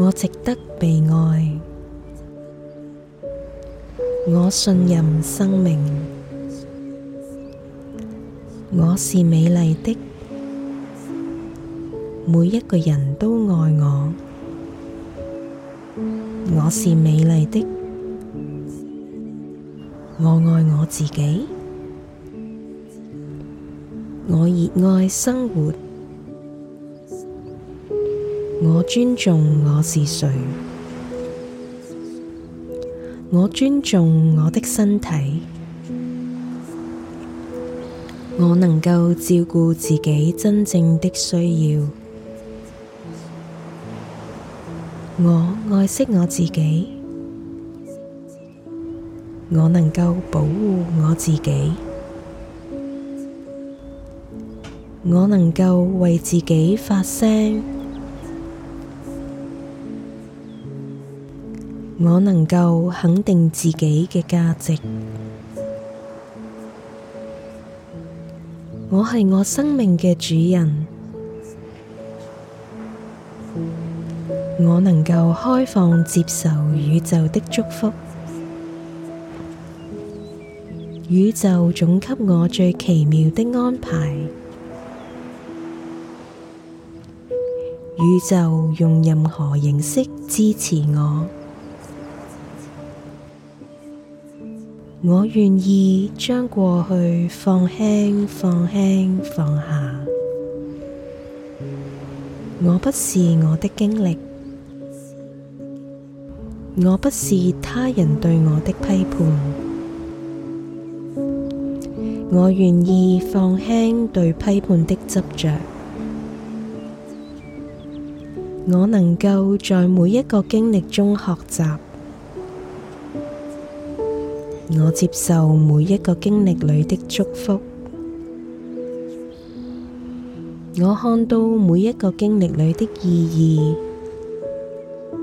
我值得被愛，我信任生命，我是美麗的，每一個人都愛我，我是美麗的，我愛我自己，我熱愛生活。我尊重我是誰，我尊重我的身體，我能夠照顧自己真正的需要，我愛惜我自己，我能夠保護我自己，我能夠為自己發聲。我能夠肯定自己嘅價值。我係我生命嘅主人。我能夠開放接受宇宙的祝福。宇宙總給我最奇妙的安排。宇宙用任何形式支持我。我願意將過去放輕、放輕、放下。我不是我的經歷，我不是他人對我的批判。我願意放輕對批判的執着。我能夠在每一個經歷中學習。我接受每一個經歷裏的祝福，我看到每一個經歷裏的意義，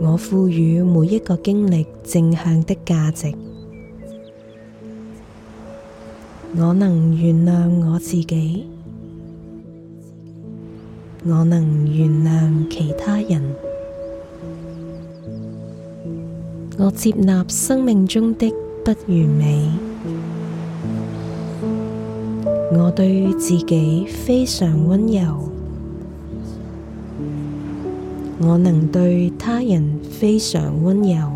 我賦予每一個經歷正向的價值。我能原諒我自己，我能原諒其他人。我接納生命中的不完美，我對自己非常溫柔，我能對他人非常溫柔，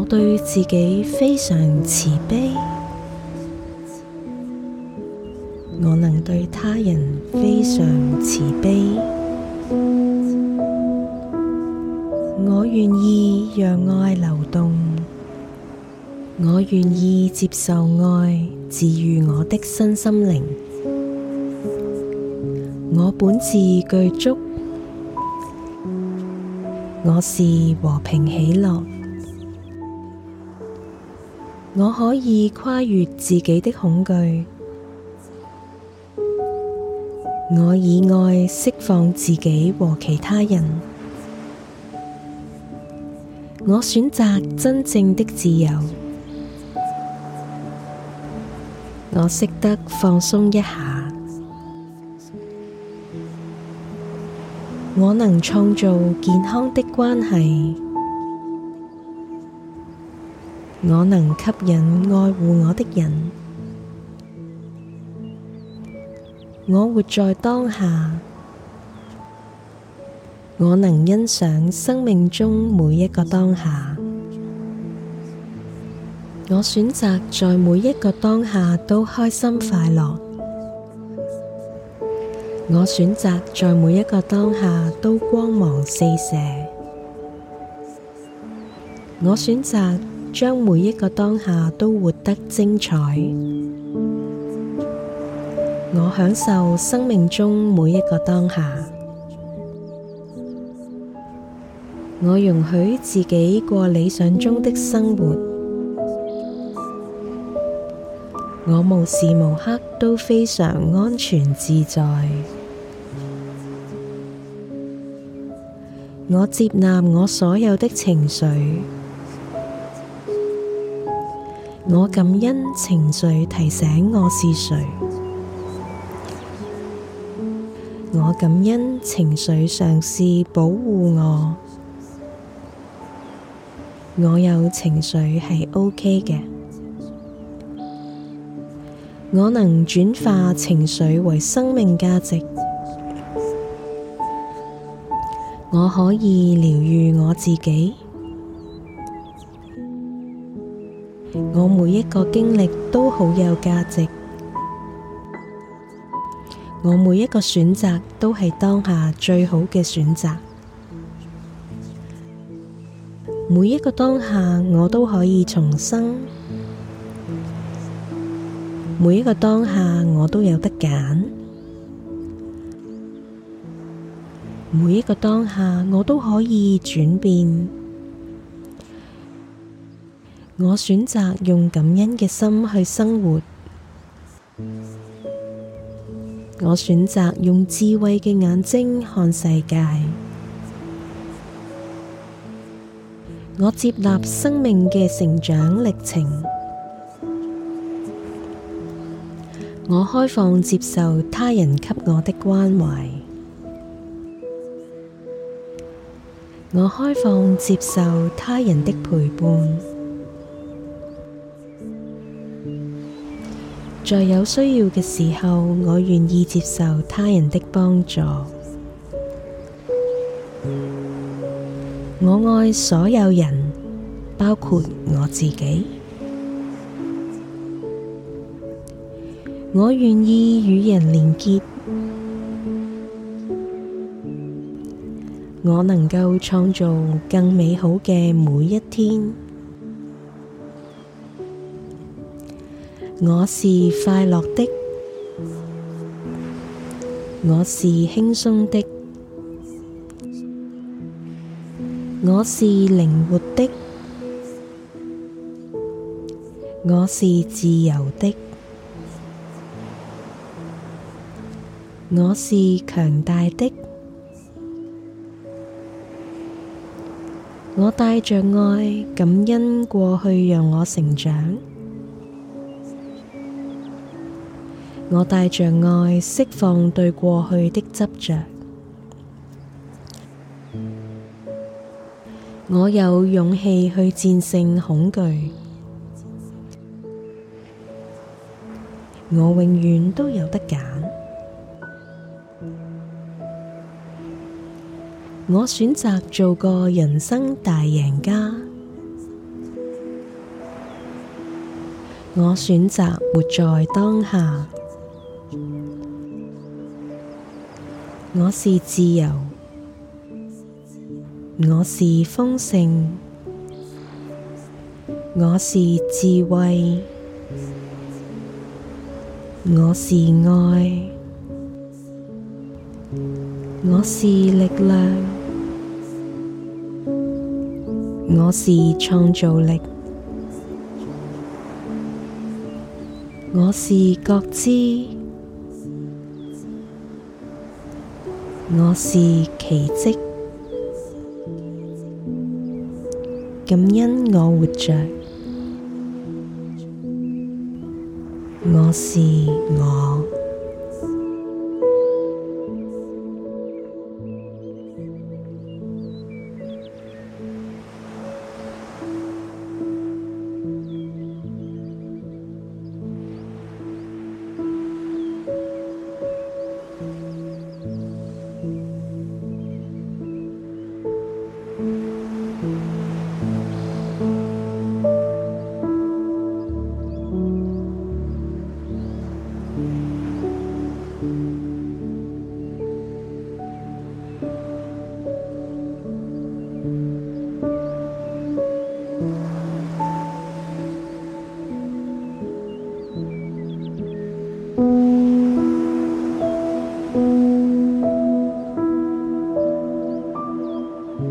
我對自己非常慈悲，我能對他人非常慈悲。願意讓愛流動，我願意接受愛治愈我的身心靈。我本自具足，我是和平喜樂，我可以跨越自己的恐懼，我以愛釋放自己和其他人。我選擇真正的自由，我識得放鬆一下，我能創造健康的關係，我能吸引愛護我的人，我活在當下。我能欣賞生命中每一個當下，我選擇在每一個當下都開心快樂。我選擇在每一個當下都光芒四射。我選擇將每一個當下都活得精彩。我享受生命中每一個當下。我容許自己過理想中的生活，我無時無刻都非常安全自在。我接納我所有的情緒，我感恩情緒提醒我是誰，我感恩情緒嘗試保護我。我有情緒係 OK 嘅，我能轉化情緒為生命價值，我可以療癒我自己，我每一個經歷都好有價值，我每一個選擇都係當下最好嘅選擇。每一個當下，我都可以重生；每一個當下，我都有得揀；每一個當下，我都可以轉變。我選擇用感恩嘅心去生活，我選擇用智慧嘅眼睛看世界。我接納生命嘅成長歷程，我開放接受他人畀我嘅關懷，我開放接受他人的陪伴，在有需要嘅時候，我願意接受他人的幫助。我愛所有人，包括我自己。我願意與人連結。我能夠創造更美好嘅每一天。我是快樂的，我是輕鬆的。我是靈活的，我是自由的，我是強大的。我帶着愛感恩過去讓我成長，我帶着愛釋放對過去的執着。我有勇氣去戰勝恐懼，我永遠都有得揀，我選擇做個人生大贏家，我選擇活在當下，我是自由。我是豐盛，我是智慧，我是愛，我是力量，我是創造力，我是覺知，我是奇蹟。感恩我活着，我是我。